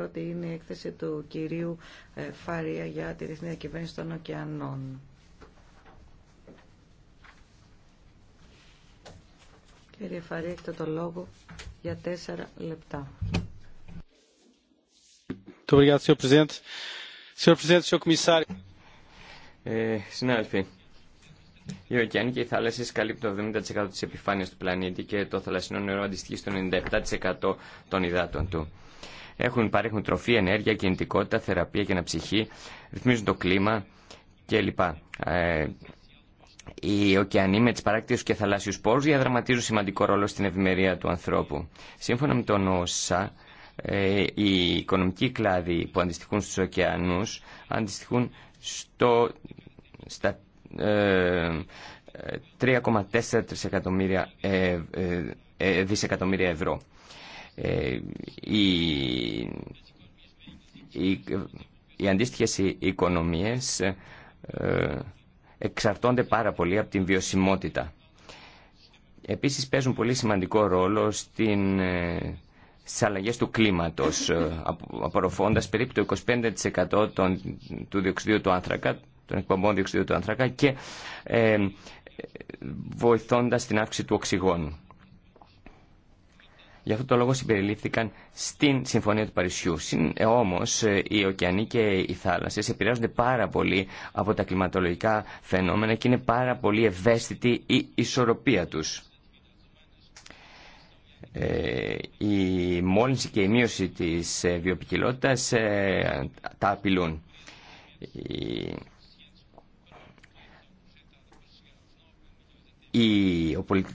πρώτη είναι η έκθεση του κυρίου ε, Φάρια για τη Διεθνή Διακυβέρνηση των Ωκεανών. Κύριε Φαρία, έχετε το λόγο για τέσσερα λεπτά. Ε, συνάδελφοι, οι ωκεανοί και οι θάλασσε καλύπτουν το 70% τη επιφάνεια του πλανήτη και το θαλασσινό νερό αντιστοιχεί στο 97% των υδάτων του. Έχουν, παρέχουν τροφή, ενέργεια, κινητικότητα, θεραπεία και αναψυχή, ρυθμίζουν το κλίμα κλπ. Ε, οι ωκεανοί με τι παράκτιου και θαλάσσιου πόρου διαδραματίζουν σημαντικό ρόλο στην ευημερία του ανθρώπου. Σύμφωνα με τον ΩΣΑ, ε, οι οικονομικοί κλάδοι που αντιστοιχούν στους ωκεανούς αντιστοιχούν στο, στα 3,4 ε, ε, ε, δισεκατομμύρια ευρώ. Ε, οι, οι, οι αντίστοιχες οικονομίες ε, εξαρτώνται πάρα πολύ από την βιωσιμότητα. Επίσης παίζουν πολύ σημαντικό ρόλο στην, ε, στις αλλαγές του κλίματος, απορροφώντας περίπου το 25% των, του διοξιδίου του άνθρακα, των εκπομπών διοξιδίου του άνθρακα και ε, βοηθώντας την αύξηση του οξυγόνου. Γι' αυτό το λόγο συμπεριλήφθηκαν στην Συμφωνία του Παρισιού. Ε, Όμω, ε, οι ωκεανοί και οι θάλασσε επηρεάζονται πάρα πολύ από τα κλιματολογικά φαινόμενα και είναι πάρα πολύ ευαίσθητη η ισορροπία του. Ε, η μόλυνση και η μείωση της βιοπικιλότητας τα απειλούν.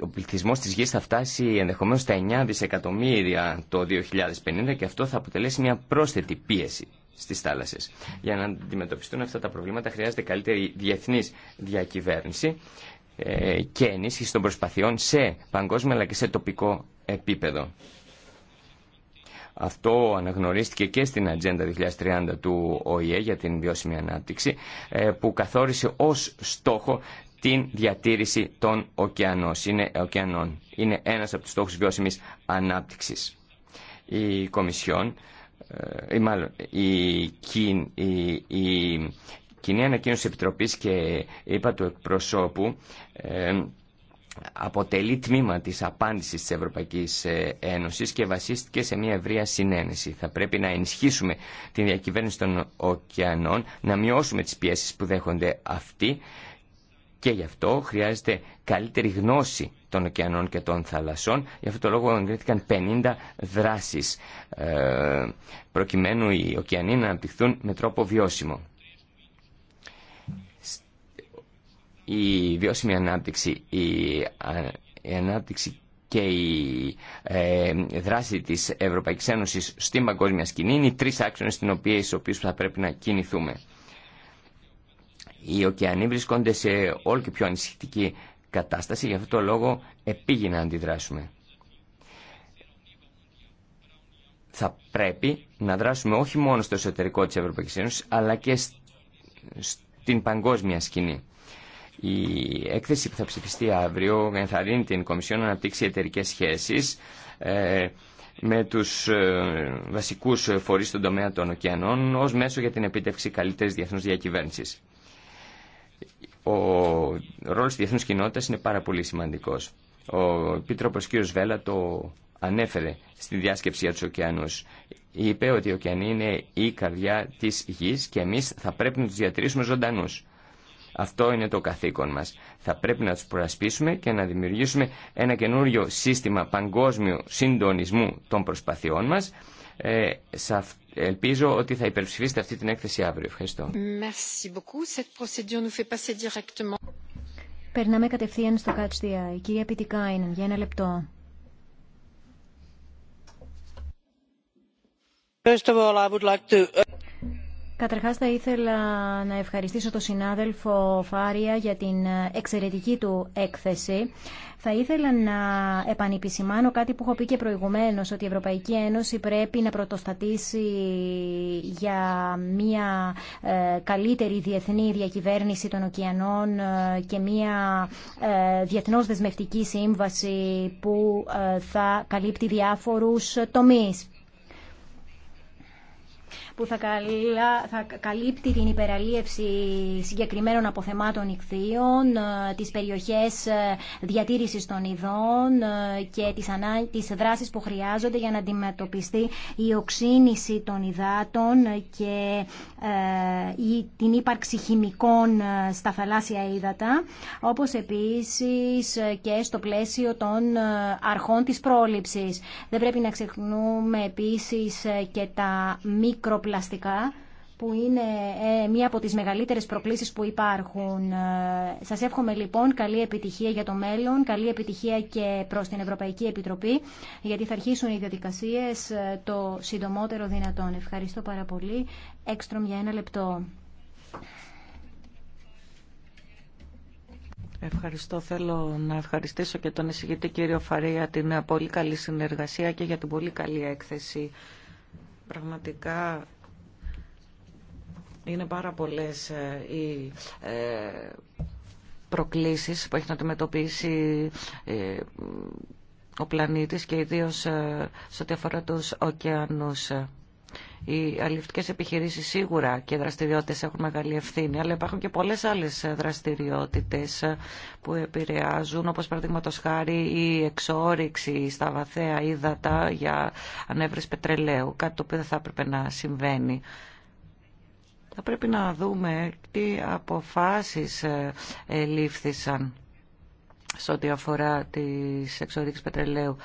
ο πληθυσμός της γης θα φτάσει ενδεχομένως στα 9 δισεκατομμύρια το 2050 και αυτό θα αποτελέσει μια πρόσθετη πίεση στις θάλασσες. Για να αντιμετωπιστούν αυτά τα προβλήματα χρειάζεται καλύτερη διεθνής διακυβέρνηση ε, και ενίσχυση των προσπαθειών σε παγκόσμιο αλλά και σε τοπικό επίπεδο. Αυτό αναγνωρίστηκε και στην Ατζέντα 2030 του ΟΗΕ για την βιώσιμη ανάπτυξη ε, που καθόρισε ως στόχο την διατήρηση των ωκεανός. Είναι, ωκεανών. Είναι ένας από τους στόχους βιώσιμης ανάπτυξης. Η Κομισιόν, ε, ή μάλλον η, η, η, η Κοινή Ανακοίνωση Επιτροπής και είπα του εκπροσώπου ε, αποτελεί τμήμα της απάντησης της Ευρωπαϊκής ε, Ένωσης και βασίστηκε σε μια ευρεία συνένεση. Θα πρέπει να ενισχύσουμε την διακυβέρνηση των ωκεανών, να μειώσουμε τις πιέσεις που δέχονται αυτοί και γι' αυτό χρειάζεται καλύτερη γνώση των ωκεανών και των θαλασσών. Γι' αυτό το λόγο εγκρίθηκαν 50 δράσεις ε, προκειμένου οι ωκεανοί να αναπτυχθούν με τρόπο βιώσιμο. Η βιώσιμη ανάπτυξη, η ανάπτυξη και η ε, δράση της Ευρωπαϊκής Ένωσης στην παγκόσμια σκηνή είναι οι τρεις άξονες στις οποίες θα πρέπει να κινηθούμε. Οι ωκεανοί βρίσκονται σε όλο και πιο ανησυχητική κατάσταση, γι' αυτό το λόγο επίγει να αντιδράσουμε. Θα πρέπει να δράσουμε όχι μόνο στο εσωτερικό της Ευρωπαϊκής Ένωσης, αλλά και στην παγκόσμια σκηνή. Η έκθεση που θα ψηφιστεί αύριο δίνει την Κομισιόν να αναπτύξει εταιρικέ σχέσεις ε, με τους ε, βασικούς φορείς στον τομέα των ωκεανών ως μέσο για την επίτευξη καλύτερης διεθνούς διακυβέρνησης ο ρόλος της διεθνούς κοινότητας είναι πάρα πολύ σημαντικός. Ο Επίτροπος κ. Βέλα το ανέφερε στη διάσκεψη για τους ωκεανούς. Είπε ότι οι ωκεανοί είναι η καρδιά της γης και εμείς θα πρέπει να τους διατηρήσουμε ζωντανούς. Αυτό είναι το καθήκον μας. Θα πρέπει να τους προασπίσουμε και να δημιουργήσουμε ένα καινούριο σύστημα παγκόσμιου συντονισμού των προσπαθειών μας. Ε, Ελπίζω ότι θα υπερψηφίσετε αυτή την έκθεση αύριο. Ευχαριστώ. Περνάμε κατευθείαν στο Catch the Eye. Κυρία Πιτικάιν, για ένα λεπτό. First of all, I would like to... Καταρχάς θα ήθελα να ευχαριστήσω τον συνάδελφο Φάρια για την εξαιρετική του έκθεση. Θα ήθελα να επανεπισημάνω κάτι που έχω πει και προηγουμένως, ότι η Ευρωπαϊκή Ένωση πρέπει να πρωτοστατήσει για μια ε, καλύτερη διεθνή διακυβέρνηση των ωκεανών ε, και μια ε, διεθνώς δεσμευτική σύμβαση που θα καλύπτει διάφορους τομείς που θα, θα καλύπτει την υπεραλίευση συγκεκριμένων αποθεμάτων ικθείων, ε, τις περιοχές ε, διατήρησης των ειδών ε, και τις, ανά, δράσεις που χρειάζονται για να αντιμετωπιστεί η οξύνηση των υδάτων και η, την ύπαρξη χημικών στα θαλάσσια ύδατα, όπως επίσης και στο πλαίσιο των αρχών της πρόληψης. Δεν πρέπει να ξεχνούμε επίσης και τα μικροπληκτικά πλαστικά που είναι ε, μία από τις μεγαλύτερες προκλήσεις που υπάρχουν. Ε, σας εύχομαι λοιπόν καλή επιτυχία για το μέλλον, καλή επιτυχία και προς την Ευρωπαϊκή Επιτροπή, γιατί θα αρχίσουν οι διαδικασίες ε, το συντομότερο δυνατόν. Ευχαριστώ πάρα πολύ. Έξτρομ για ένα λεπτό. Ευχαριστώ. Θέλω να ευχαριστήσω και τον εισηγητή κύριο για την πολύ καλή συνεργασία και για την πολύ καλή έκθεση. Πραγματικά είναι πάρα πολλές ε, οι ε, προκλήσεις που έχει να αντιμετωπίσει ε, ο πλανήτη και ιδίως σε ό,τι αφορά του ωκεανούς. Οι αλληλευτικές επιχειρήσεις σίγουρα και οι δραστηριότητες έχουν μεγάλη ευθύνη, αλλά υπάρχουν και πολλές άλλες δραστηριότητες που επηρεάζουν, όπως παραδείγματος χάρη η εξόριξη στα βαθαία ύδατα για ανέβρεση πετρελαίου, κάτι το οποίο δεν θα έπρεπε να συμβαίνει. Θα πρέπει να δούμε τι αποφάσεις ε, λήφθησαν σε ό,τι αφορά τις εξορίξεις πετρελαίου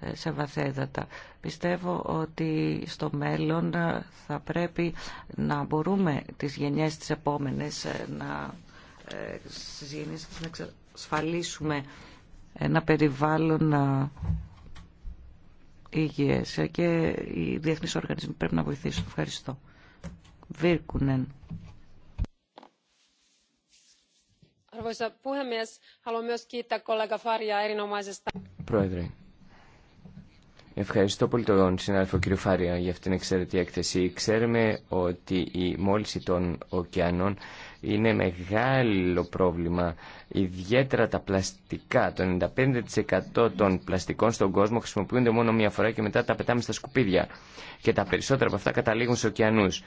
ε, σε βαθέδατα. Πιστεύω ότι στο μέλλον ε, θα πρέπει να μπορούμε τις γενιές τις επόμενες να, ε, να εξασφαλίσουμε ένα περιβάλλον υγιές και οι διεθνείς οργανισμοί πρέπει να βοηθήσουν. Ευχαριστώ. Virkkunen. Arvoisa Πρόεδρε, ευχαριστώ πολύ τον συνάδελφο κύριο Φάρια για αυτήν την εξαιρετική έκθεση. Ξέρουμε ότι η μόλιση των ωκεανών είναι μεγάλο πρόβλημα, ιδιαίτερα τα πλαστικά. Το 95% των πλαστικών στον κόσμο χρησιμοποιούνται μόνο μία φορά και μετά τα πετάμε στα σκουπίδια. Και τα περισσότερα από αυτά καταλήγουν στους ωκεανούς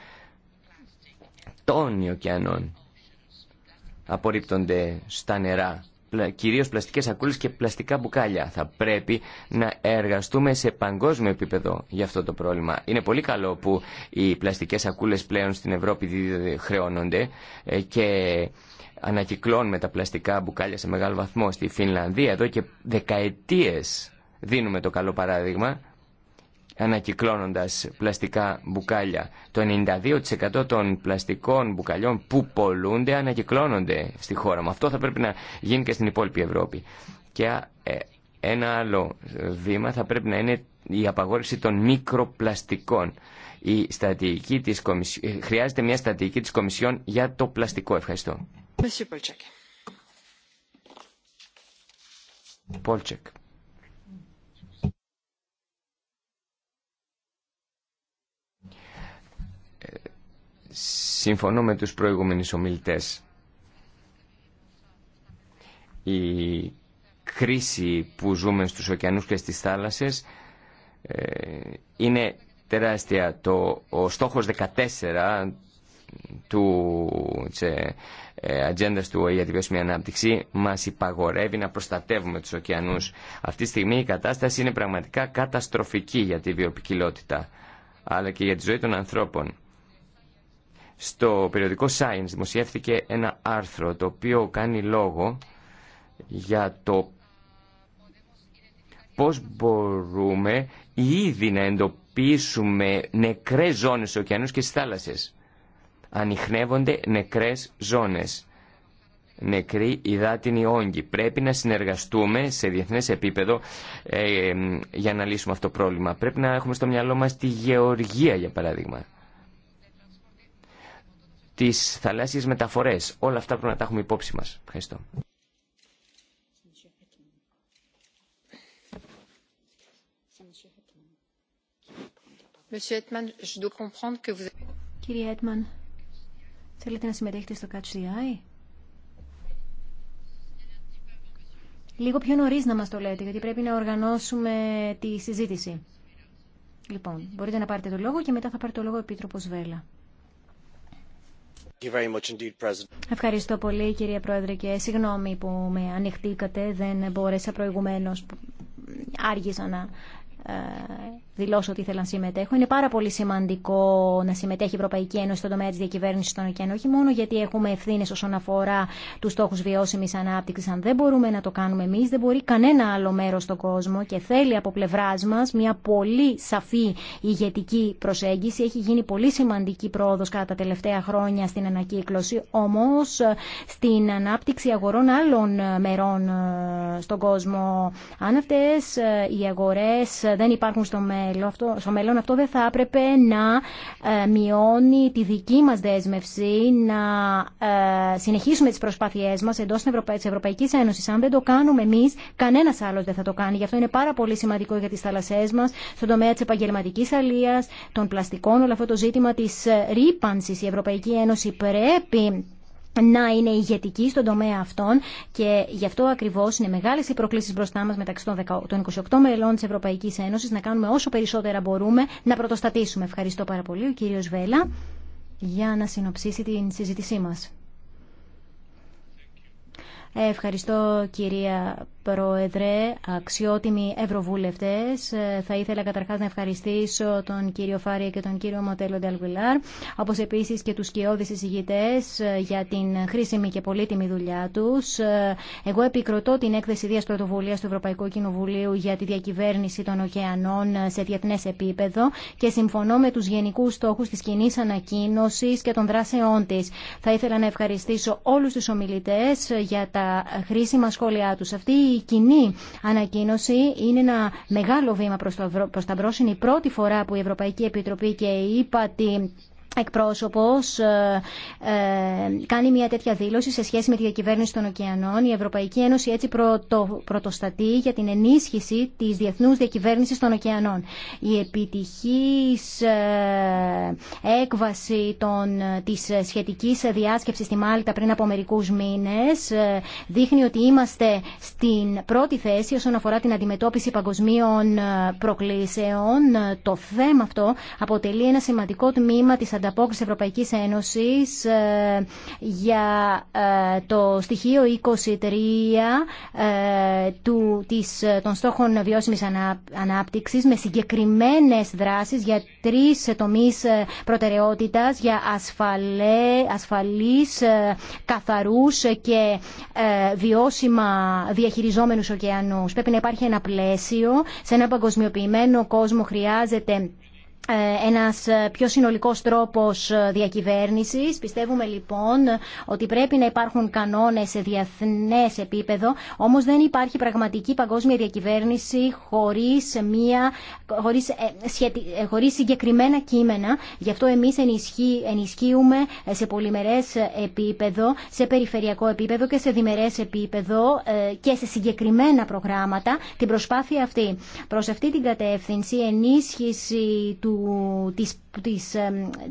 των ωκεανών απορρίπτονται στα νερά κυρίως πλαστικές σακούλες και πλαστικά μπουκάλια. Θα πρέπει να εργαστούμε σε παγκόσμιο επίπεδο για αυτό το πρόβλημα. Είναι πολύ καλό που οι πλαστικές σακούλες πλέον στην Ευρώπη χρεώνονται ε, και ανακυκλώνουμε τα πλαστικά μπουκάλια σε μεγάλο βαθμό στη Φινλανδία. Εδώ και δεκαετίες δίνουμε το καλό παράδειγμα ανακυκλώνοντας πλαστικά μπουκάλια. Το 92% των πλαστικών μπουκαλιών που πολλούνται ανακυκλώνονται στη χώρα μου. Αυτό θα πρέπει να γίνει και στην υπόλοιπη Ευρώπη. Και ε, ένα άλλο βήμα θα πρέπει να είναι η απαγόρευση των μικροπλαστικών. Η στρατηγική της ε, Χρειάζεται μια στρατηγική της Κομισιόν για το πλαστικό. Ευχαριστώ. Πολτσεκ. Συμφωνώ με τους προηγούμενους ομιλητές. Η κρίση που ζούμε στους ωκεανούς και στις θάλασσες ε, είναι τεράστια. Το, ο στόχος 14 του, της ε, ε, ατζέντας του για τη βιώσιμη ανάπτυξη μας υπαγορεύει να προστατεύουμε τους ωκεανούς. Αυτή τη στιγμή η κατάσταση είναι πραγματικά καταστροφική για τη βιοπικιλότητα αλλά και για τη ζωή των ανθρώπων στο περιοδικό Science δημοσιεύθηκε ένα άρθρο το οποίο κάνει λόγο για το πώς μπορούμε ήδη να εντοπίσουμε νεκρές ζώνες στους ωκεανούς και στις θάλασσες. Ανοιχνεύονται νεκρές ζώνες. Νεκροί υδάτινοι όγκοι. Πρέπει να συνεργαστούμε σε διεθνές επίπεδο ε, ε, για να λύσουμε αυτό το πρόβλημα. Πρέπει να έχουμε στο μυαλό μας τη γεωργία, για παράδειγμα τις θαλάσσιες μεταφορές. Όλα αυτά πρέπει να τα έχουμε υπόψη μας. Ευχαριστώ. Κύριε Έτμαν, θέλετε να συμμετέχετε στο Catch Λίγο πιο νωρί να μας το λέτε, γιατί πρέπει να οργανώσουμε τη συζήτηση. Λοιπόν, μπορείτε να πάρετε το λόγο και μετά θα πάρει το λόγο ο Επίτροπος Βέλα. Ευχαριστώ πολύ κύριε Πρόεδρε και συγγνώμη που με ανοιχτήκατε, δεν μπόρεσα προηγουμένως, άργησα να ε, δηλώσω ότι ήθελα να συμμετέχω. Είναι πάρα πολύ σημαντικό να συμμετέχει η Ευρωπαϊκή Ένωση στον τομέα τη διακυβέρνηση των ωκεανών, όχι μόνο γιατί έχουμε ευθύνε όσον αφορά του στόχου βιώσιμη ανάπτυξη. Αν δεν μπορούμε να το κάνουμε εμεί, δεν μπορεί κανένα άλλο μέρο στον κόσμο και θέλει από πλευρά μα μια πολύ σαφή ηγετική προσέγγιση. Έχει γίνει πολύ σημαντική πρόοδο κατά τα τελευταία χρόνια στην ανακύκλωση, όμω στην ανάπτυξη αγορών άλλων μερών ε, στον κόσμο. Αν αυτέ ε, οι αγορέ ε, δεν υπάρχουν στο μέλλον, μέλλον, αυτό, στο μέλλον αυτό δεν θα έπρεπε να ε, μειώνει τη δική μας δέσμευση να ε, συνεχίσουμε τις προσπάθειές μας εντός της Ευρωπαϊκής Ένωσης. Αν δεν το κάνουμε εμείς, κανένας άλλος δεν θα το κάνει. Γι' αυτό είναι πάρα πολύ σημαντικό για τις θάλασσές μας, στον τομέα της επαγγελματικής αλίας, των πλαστικών, όλο αυτό το ζήτημα της ε, ρήπανσης. Η Ευρωπαϊκή Ένωση πρέπει να είναι ηγετική στον τομέα αυτών και γι' αυτό ακριβώ είναι μεγάλε οι προκλήσει μπροστά μα μεταξύ των 28 μελών τη Ευρωπαϊκή Ένωση να κάνουμε όσο περισσότερα μπορούμε να πρωτοστατήσουμε. Ευχαριστώ πάρα πολύ ο κύριο Βέλα για να συνοψίσει την συζήτησή μα. Ε, ευχαριστώ κυρία Πρόεδρε, αξιότιμοι ευρωβουλευτές, ε, θα ήθελα καταρχάς να ευχαριστήσω τον κύριο Φάρη και τον κύριο Μοντέλο Ντελβιλάρ όπως επίσης και τους κοιόδης εισηγητές ε, για την χρήσιμη και πολύτιμη δουλειά τους. Ε, εγώ επικροτώ την έκθεση Δίας Πρωτοβουλίας του Ευρωπαϊκού Κοινοβουλίου για τη διακυβέρνηση των ωκεανών σε διεθνές επίπεδο και συμφωνώ με τους γενικούς στόχους της κοινή ανακοίνωση και των δράσεών τη. Θα ήθελα να ευχαριστήσω όλου του ομιλητέ για τα χρήσιμα σχόλιά τους. Αυτή η κοινή ανακοίνωση είναι ένα μεγάλο βήμα προς, τα μπρος. Είναι η πρώτη φορά που η Ευρωπαϊκή Επιτροπή και η ΥΠΑΤΗ Εκπρόσωπο ε, ε, κάνει μια τέτοια δήλωση σε σχέση με τη διακυβέρνηση των ωκεανών. Η Ευρωπαϊκή Ένωση έτσι πρωτο, πρωτοστατεί για την ενίσχυση της διεθνούς διακυβέρνησης των ωκεανών. Η επιτυχής ε, έκβαση τη της σχετικής διάσκεψης στη Μάλτα πριν από μερικούς μήνες ε, δείχνει ότι είμαστε στην πρώτη θέση όσον αφορά την αντιμετώπιση παγκοσμίων ε, προκλήσεων. Ε, το θέμα αυτό αποτελεί ένα σημαντικό τμήμα της ανταπόκριση Ευρωπαϊκής Ένωσης ε, για ε, το στοιχείο 23 ε, των στόχων βιώσιμης ανάπτυξης με συγκεκριμένες δράσεις για τρεις τομείς προτεραιότητας για ασφαλέ, ασφαλείς, καθαρούς και βιώσιμα διαχειριζόμενους ωκεανούς. Πρέπει να υπάρχει ένα πλαίσιο σε ένα παγκοσμιοποιημένο κόσμο χρειάζεται ε, ένας ε, πιο συνολικός τρόπος ε, διακυβέρνησης. Πιστεύουμε λοιπόν ότι πρέπει να υπάρχουν κανόνες σε διεθνές επίπεδο, όμως δεν υπάρχει πραγματική παγκόσμια διακυβέρνηση χωρίς, μια, χωρίς, χωρίς συγκεκριμένα κείμενα. Γι' αυτό εμείς ενισχύ, ενισχύουμε σε πολυμερές επίπεδο, σε περιφερειακό επίπεδο και σε διμερές επίπεδο και σε συγκεκριμένα προγράμματα την προσπάθεια αυτή. Προς αυτή την κατεύθυνση ενίσχυση του του, της, της,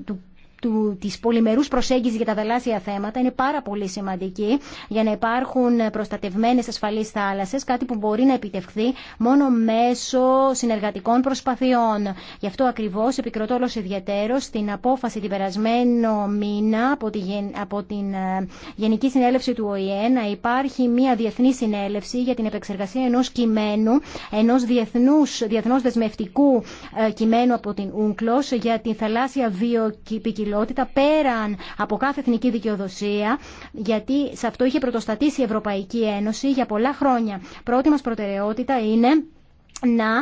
του του, της πολυμερούς προσέγγισης για τα θαλάσσια θέματα είναι πάρα πολύ σημαντική για να υπάρχουν προστατευμένες ασφαλείς θάλασσες, κάτι που μπορεί να επιτευχθεί μόνο μέσω συνεργατικών προσπαθειών. Γι' αυτό ακριβώς επικροτώ όλος ιδιαίτερος την απόφαση την περασμένο μήνα από, τη, από την ε, Γενική Συνέλευση του ΟΗΕ να υπάρχει μια διεθνή συνέλευση για την επεξεργασία ενός κειμένου, ενός διεθνούς, διεθνώς δεσμευτικού ε, κειμένου από την UNCLOS για την θαλάσσια βιοπικιλότητα πέραν από κάθε εθνική δικαιοδοσία, γιατί σε αυτό είχε πρωτοστατήσει η Ευρωπαϊκή Ένωση για πολλά χρόνια. Πρώτη μας προτεραιότητα είναι να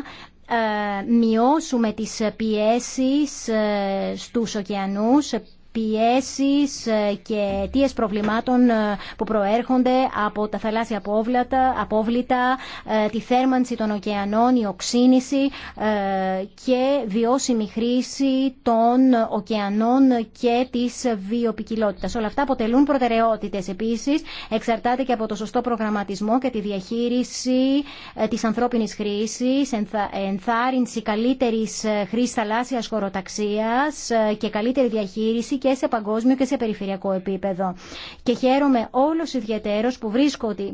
ε, μειώσουμε τις πιέσεις ε, στους ωκεανούς πιέσεις ε, και αιτίες προβλημάτων ε, που προέρχονται από τα θαλάσσια απόβλητα, ε, τη θέρμανση των ωκεανών, η οξύνηση και βιώσιμη χρήση των ωκεανών και της βιοπικιλότητας. Όλα αυτά αποτελούν προτεραιότητες. Επίσης, εξαρτάται και από το σωστό προγραμματισμό και τη διαχείριση της ανθρώπινης χρήσης, ενθάρρυνση καλύτερης χρήσης θαλάσσιας χωροταξίας και καλύτερη διαχείριση και σε παγκόσμιο και σε περιφερειακό επίπεδο. Και χαίρομαι όλο ιδιαίτερος που,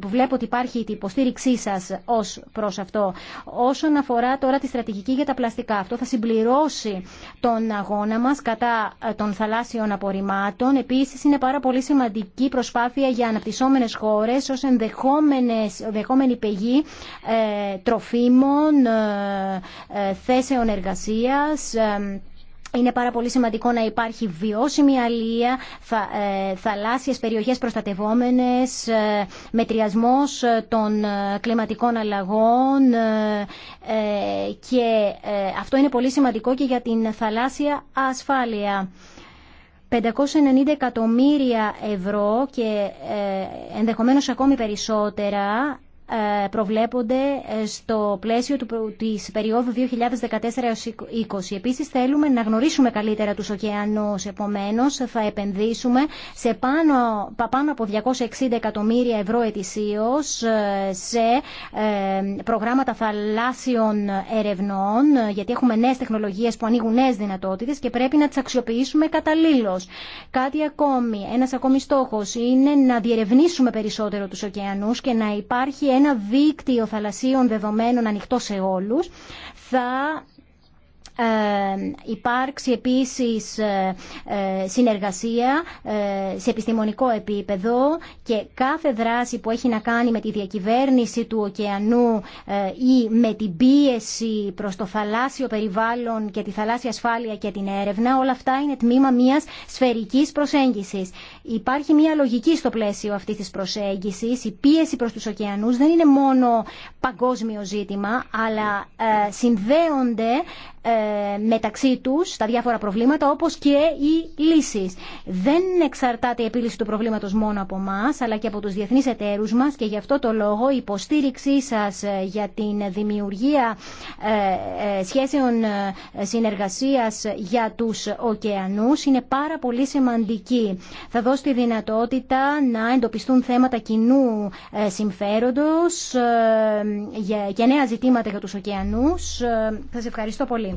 που βλέπω ότι υπάρχει η υποστήριξή σας ως προς αυτό. Όσον αφορά τώρα τη στρατηγική για τα πλαστικά, αυτό θα συμπληρώσει τον αγώνα μας κατά ε, των θαλάσσιων απορριμμάτων. Επίσης είναι πάρα πολύ σημαντική προσπάθεια για αναπτυσσόμενες χώρε ω ενδεχόμενη πηγή ε, τροφίμων, ε, θέσεων εργασίας, είναι πάρα πολύ σημαντικό να υπάρχει βιώσιμη αλία, θα, ε, θαλάσσιες περιοχές προστατευόμενες, ε, μετριασμός ε, των ε, κλιματικών αλλαγών και αυτό είναι πολύ σημαντικό και για την θαλάσσια ασφάλεια. 590 εκατομμύρια ευρώ και ενδεχομένως ακόμη περισσότερα ε, προβλέπονται ε, στο πλαίσιο του, της περίοδου 2014-2020. Επίσης θέλουμε να γνωρίσουμε καλύτερα τους ωκεανούς, επομένως θα επενδύσουμε σε πάνω, πάνω από 260 εκατομμύρια ευρώ ετησίως ε, σε προγράμματα θαλάσσιων ερευνών, γιατί έχουμε νέες τεχνολογίες που ανοίγουν νέες δυνατότητες και πρέπει να τις αξιοποιήσουμε καταλήλως. Κάτι ακόμη, ένας ακόμη στόχος είναι να διερευνήσουμε περισσότερο τους ωκεανούς και να υπάρχει ένα δίκτυο θαλασσίων δεδομένων ανοιχτό σε όλους. Θα ε, υπάρξει επίσης ε, ε, συνεργασία σε επιστημονικό επίπεδο και κάθε δράση που έχει να κάνει με τη διακυβέρνηση του ωκεανού ή με την πίεση προς το θαλάσσιο περιβάλλον και τη θαλάσσια ασφάλεια και την έρευνα όλα αυτά είναι τμήμα μιας σφαιρικής προσέγγισης. Υπάρχει μια λογική στο πλαίσιο αυτή τη προσέγγιση. Η πίεση προ του ωκεανού δεν είναι μόνο παγκόσμιο ζήτημα, αλλά ε, συνδέονται ε, μεταξύ τους τα διάφορα προβλήματα όπως και οι λύσει. Δεν εξαρτάται η επίλυση του προβλήματος μόνο από εμά, αλλά και από τους διεθνείς εταίρους μας και γι' αυτό το λόγο η υποστήριξή σα ε, για την δημιουργία σχέσεων συνεργασία για του ωκεανού είναι πάρα πολύ σημαντική. Θα στη δυνατότητα να εντοπιστούν θέματα κοινού ε, συμφέροντος ε, και νέα ζητήματα για τους ωκεανούς. Ε, σας ευχαριστώ πολύ.